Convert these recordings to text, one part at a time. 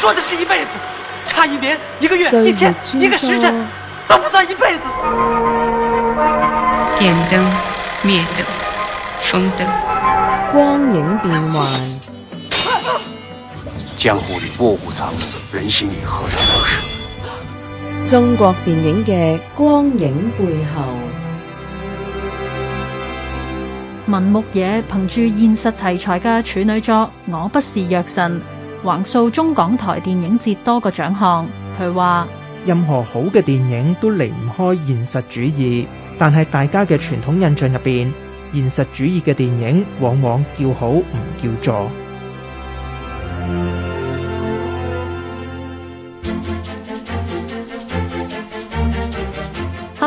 說的是一輩子，差一年、一個月、一天、一個時辰，都不算一輩子。點燈、滅燈、風燈，光影變幻。 江湖裏臥虎藏龍，人心裏何嘗不是。中國電影嘅光影背後，文牧野憑住現實題材嘅處女作《我不是藥神》。橫掃中港台電影節多個獎項，佢話任何好嘅電影都離唔開現實主義，但係大家嘅傳統印象入邊，現實主義嘅電影往往叫好唔叫座。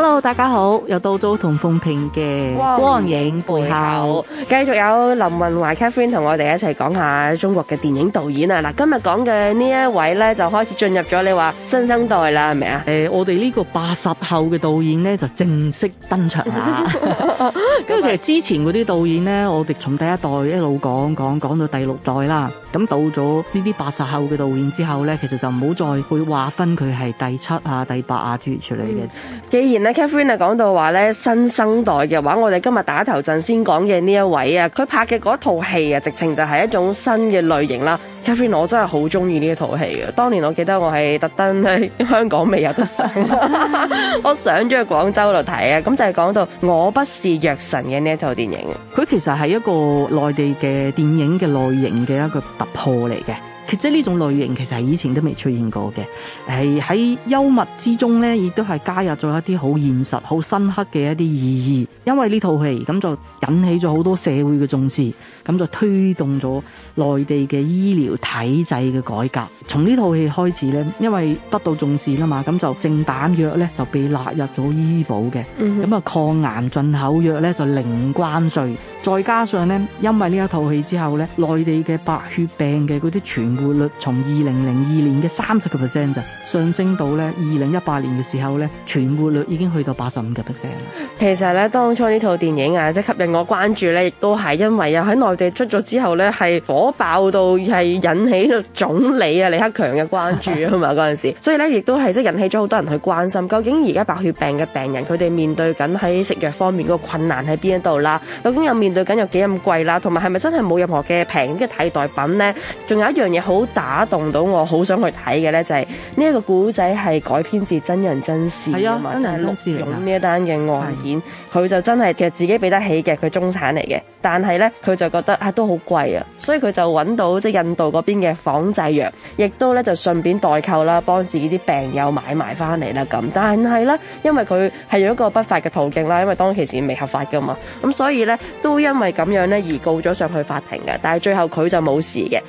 Hello，大家好，又到咗同鳳萍嘅光影背後，繼 Wow, 續有林雲華 Captain 同我哋一齊講下中國嘅電影導演啊！嗱，今日講嘅呢一位咧，就開始進入咗你話新生代啦，係咪啊？誒、呃，我哋呢個八十後嘅導演咧，就正式登場啦。 因為其實之前啲導演咧，我哋從第一代一路講講講到第六代啦，咁到咗呢啲八十後嘅導演之後咧，其實就唔好再去劃分佢係第七啊、第八啊出嚟嘅、嗯。既然咧。Katherine 講到話咧，新生代嘅話，我哋今日打頭陣先講嘅呢一位啊，佢拍嘅嗰套戲啊，直情就係一種新嘅類型啦。Katherine 我真係好中意呢一套戲嘅，當年我記得我係特登喺香港未有得上， 我上咗去廣州度睇啊，咁就係講到我不是藥神嘅呢一套電影，佢其實係一個內地嘅電影嘅類型嘅一個突破嚟嘅。其實呢種類型其實係以前都未出現過嘅，係喺幽默之中咧，亦都係加入咗一啲好現實、好深刻嘅一啲意義。因為呢套戲咁就引起咗好多社會嘅重視，咁就推動咗內地嘅醫療體制嘅改革。從呢套戲開始咧，因為得到重視啦嘛，咁就正版藥咧就被納入咗醫保嘅，咁啊、嗯、哼抗癌進口藥咧就零關稅。再加上呢，因為呢一套戲之後呢，內地嘅白血病嘅嗰啲存活率從，從二零零二年嘅三十個 percent 上升到呢二零一八年嘅時候呢，存活率已經去到八十五個 percent 啦。其實呢，當初呢套電影啊，即吸引我關注呢，亦都係因為又喺內地出咗之後呢，係火爆到係引起咗總理啊李克強嘅關注啊嘛，嗰陣 時，所以呢，亦都係即引起咗好多人去關心，究竟而家白血病嘅病人佢哋面對緊喺食藥方面個困難喺邊一度啦，究竟有面對緊有幾咁貴啦，同埋係咪真係冇任何嘅平嘅替代品呢？仲有一樣嘢好打動到我，好想去睇嘅呢，就係呢一個古仔係改編自真人真事啊，真就係陸勇呢一單嘅案件，佢的就真係其實自己俾得起嘅，佢中產嚟嘅。但係咧，佢就覺得啊都好貴啊，所以佢就揾到即係印度嗰邊嘅仿製藥，亦都咧就順便代購啦，幫自己啲病友買埋翻嚟啦咁。但係咧，因為佢係用一個不法嘅途徑啦，因為當其時未合法噶嘛，咁所以咧都因為咁樣咧而告咗上去法庭嘅。但係最後佢就冇事嘅。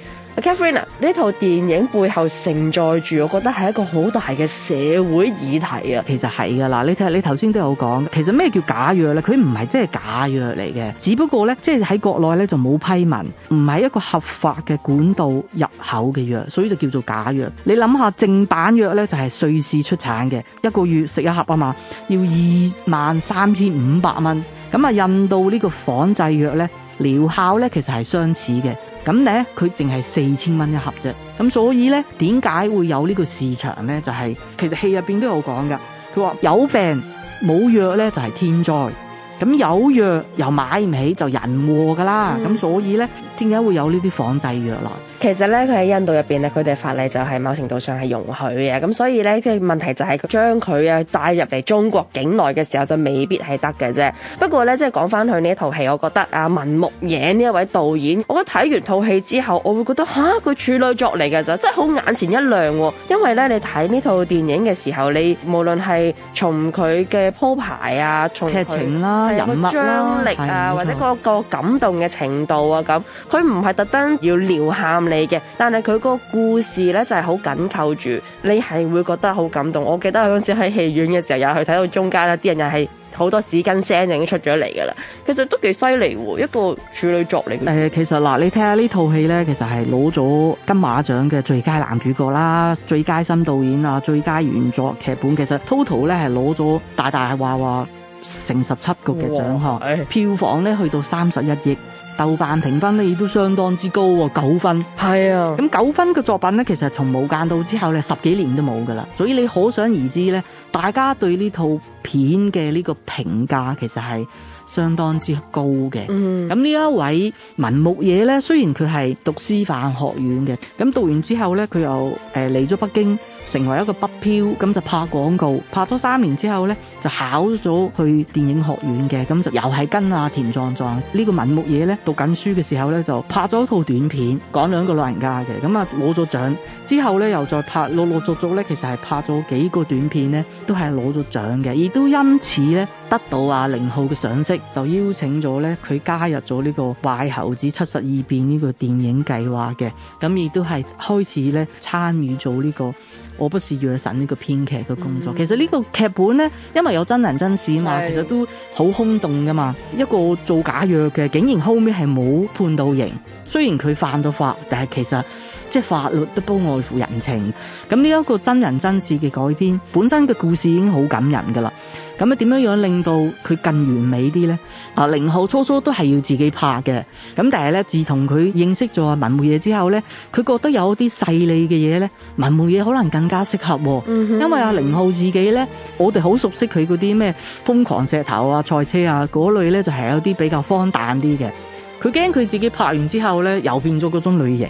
Catherine，呢套電影背後承載住，我覺得係一個好大嘅社會議題啊！其實係㗎啦，你睇你頭先都有講，其實咩叫假藥咧？佢唔係真係假藥嚟嘅，只不過咧，即係喺國內咧就冇批文，唔係一個合法嘅管道入口嘅藥，所以就叫做假藥。你諗下，正版藥咧就係、是、瑞士出產嘅，一個月食一盒啊嘛，要二萬三千五百蚊。咁、嗯、啊，印度呢個仿製藥咧，療效咧其實係相似嘅。咁咧，佢淨係四千蚊一盒啫。咁所以咧，點解會有呢個市場咧？就係、是、其實戲入邊都有講噶。佢話有病冇藥咧，就係、是、天災；咁有藥又買唔起，就人禍噶啦。咁、嗯、所以咧。點解會有呢啲仿製藥來？其實咧，佢喺印度入邊咧，佢哋法例就係某程度上係容許嘅，咁所以咧，即係問題就係將佢啊帶入嚟中國境內嘅時候，就未必係得嘅啫。不過咧，即係講翻佢呢一套戲，我覺得啊，文牧野呢一位導演，我睇完套戲之後，我會覺得吓，佢、啊、處女作嚟嘅就真係好眼前一亮，因為咧，你睇呢套電影嘅時候，你無論係從佢嘅鋪排啊，從劇情啦、他人物張力啊，是或者、那個錯那個感動嘅程度啊，咁。佢唔係特登要撩喊你嘅，但係佢個故事咧就係好緊扣住，你係會覺得好感動。我記得嗰陣時喺戲院嘅時候，又去睇到中間咧啲人又係好多紙巾聲已經出咗嚟噶啦。其實都幾犀利，一個處女作嚟嘅。誒、呃，其實嗱，你睇下呢套戲咧，其實係攞咗金馬獎嘅最佳男主角啦、最佳新導演啊、最佳原作劇本。其實 total 咧係攞咗大大話話成十七個嘅獎項，哇票房咧去到三十一億。豆瓣評分咧亦都相當之高喎，九分。係啊，咁九分嘅作品咧，其實從無間道之後咧，十幾年都冇噶啦。所以你可想而知咧，大家對呢套片嘅呢個評價其實係相當之高嘅。咁呢、嗯、一位文牧野咧，雖然佢係讀師範學院嘅，咁讀完之後咧，佢又誒嚟咗北京。成為一個北漂，咁就拍廣告，拍咗三年之後呢，就考咗去電影學院嘅，咁就又係跟阿田壯壯呢、呢個文牧野呢讀緊書嘅時候呢，就拍咗一套短片，講兩個老人家嘅，咁啊攞咗獎之後呢，又再拍，陸陸續續呢，其實係拍咗幾個短片呢，都係攞咗獎嘅，亦都因此呢，得到阿、啊、寧浩嘅賞識，就邀請咗呢佢加入咗呢、呢個壞猴子七十二變呢、呢個電影計劃嘅，咁亦都係開始呢參與咗呢、呢個。我不是藥神呢個編劇嘅工作，嗯、其實這個劇本呢個劇本咧，因為有真人真事嘛，是其實都好空洞㗎嘛。一個做假藥嘅，竟然後尾係冇判到刑，雖然佢犯到法，但係其實。即係法律都不外乎人情，咁呢一個真人真事嘅改編，本身嘅故事已經好感人噶啦。咁啊，點樣樣令到佢更完美啲咧？啊，寧浩初初都係要自己拍嘅，咁但係咧，自從佢認識咗文牧野之後咧，佢覺得有啲細膩嘅嘢咧，文牧野可能更加適合。嗯、哼因為啊，寧浩自己咧，我哋好熟悉佢嗰啲咩瘋狂石頭啊、賽車啊嗰類咧，就係有啲比較荒誕啲嘅。佢驚佢自己拍完之後咧，又變咗嗰種類型。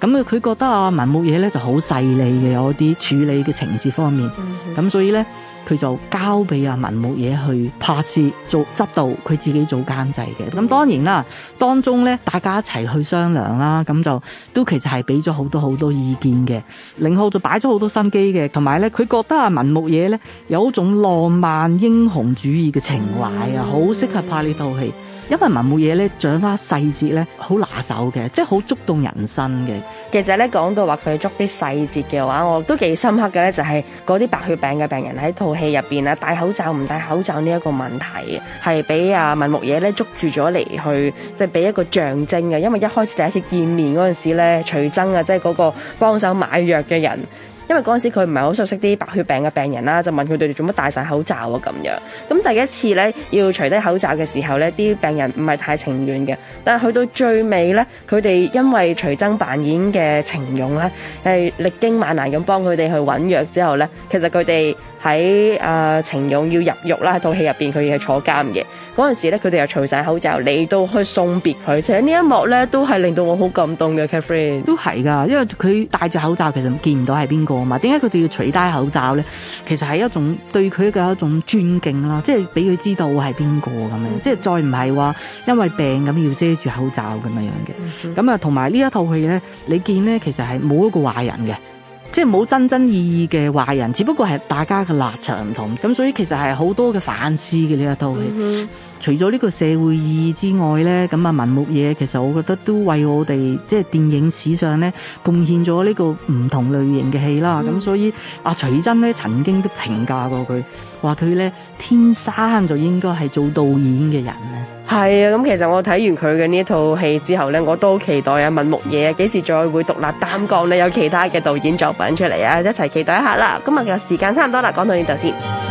咁啊，佢覺得啊，文牧野咧就好細膩嘅，有啲處理嘅情節方面，咁、mm hmm. 所以咧，佢就交俾啊文牧野去拍攝做執導，佢自己做監製嘅。咁、mm hmm. 當然啦，當中咧大家一齊去商量啦，咁就都其實係俾咗好多好多意見嘅，寧浩就擺咗好多心機嘅，同埋咧佢覺得啊文牧野咧有一種浪漫英雄主義嘅情懷啊，好、mm hmm. 適合拍呢套戲。因為文牧野咧，掌握細節咧，好拿手嘅，即係好觸動人心嘅。其實咧講到話佢捉啲細節嘅話，我都幾深刻嘅咧，就係嗰啲白血病嘅病人喺套戲入邊啊，戴口罩唔戴口罩呢一個問題，係俾阿文牧野咧捉住咗嚟去，即係俾一個象徵嘅。因為一開始第一次見面嗰陣時咧，徐崢啊，即係嗰個幫手買藥嘅人。因為嗰陣時佢唔係好熟悉啲白血病嘅病人啦，就問佢哋做乜戴晒口罩啊咁樣。咁第一次咧要除低口罩嘅時候咧，啲病人唔係太情願嘅。但係去到最尾咧，佢哋因為徐崢扮演嘅程勇咧，係歷經萬難咁幫佢哋去揾藥之後咧，其實佢哋喺啊程勇要入獄啦，套戲入邊佢係坐監嘅。嗰陣時咧佢哋又除晒口罩嚟到去送別佢，而且呢一幕咧都係令到我好感動嘅。Catherine 都係噶，因為佢戴住口罩其實見唔到係邊個。嘛，點解佢哋要除戴口罩咧？其實係一種對佢嘅一種尊敬啦，即係俾佢知道係邊個咁樣，嗯、即係再唔係話因為病咁要遮住口罩咁樣樣嘅。咁啊、嗯哼，同埋呢一套戲咧，你見咧其實係冇一個壞人嘅，即係冇真真意義嘅壞人，只不過係大家嘅立場唔同。咁所以其實係好多嘅反思嘅呢一套戲。嗯除咗呢個社會意義之外咧，咁啊文牧野其實我覺得都為我哋即係電影史上咧貢獻咗呢個唔同類型嘅戲啦。咁所以啊徐崢咧曾經都評價過佢，話佢咧天生就應該係做導演嘅人咧。係啊，咁其實我睇完佢嘅呢一套戲之後咧，我都好期待啊文牧野幾時再會獨立擔綱咧，有其他嘅導演作品出嚟啊！一齊期待一下啦。其實時間差唔多啦，講到呢度先。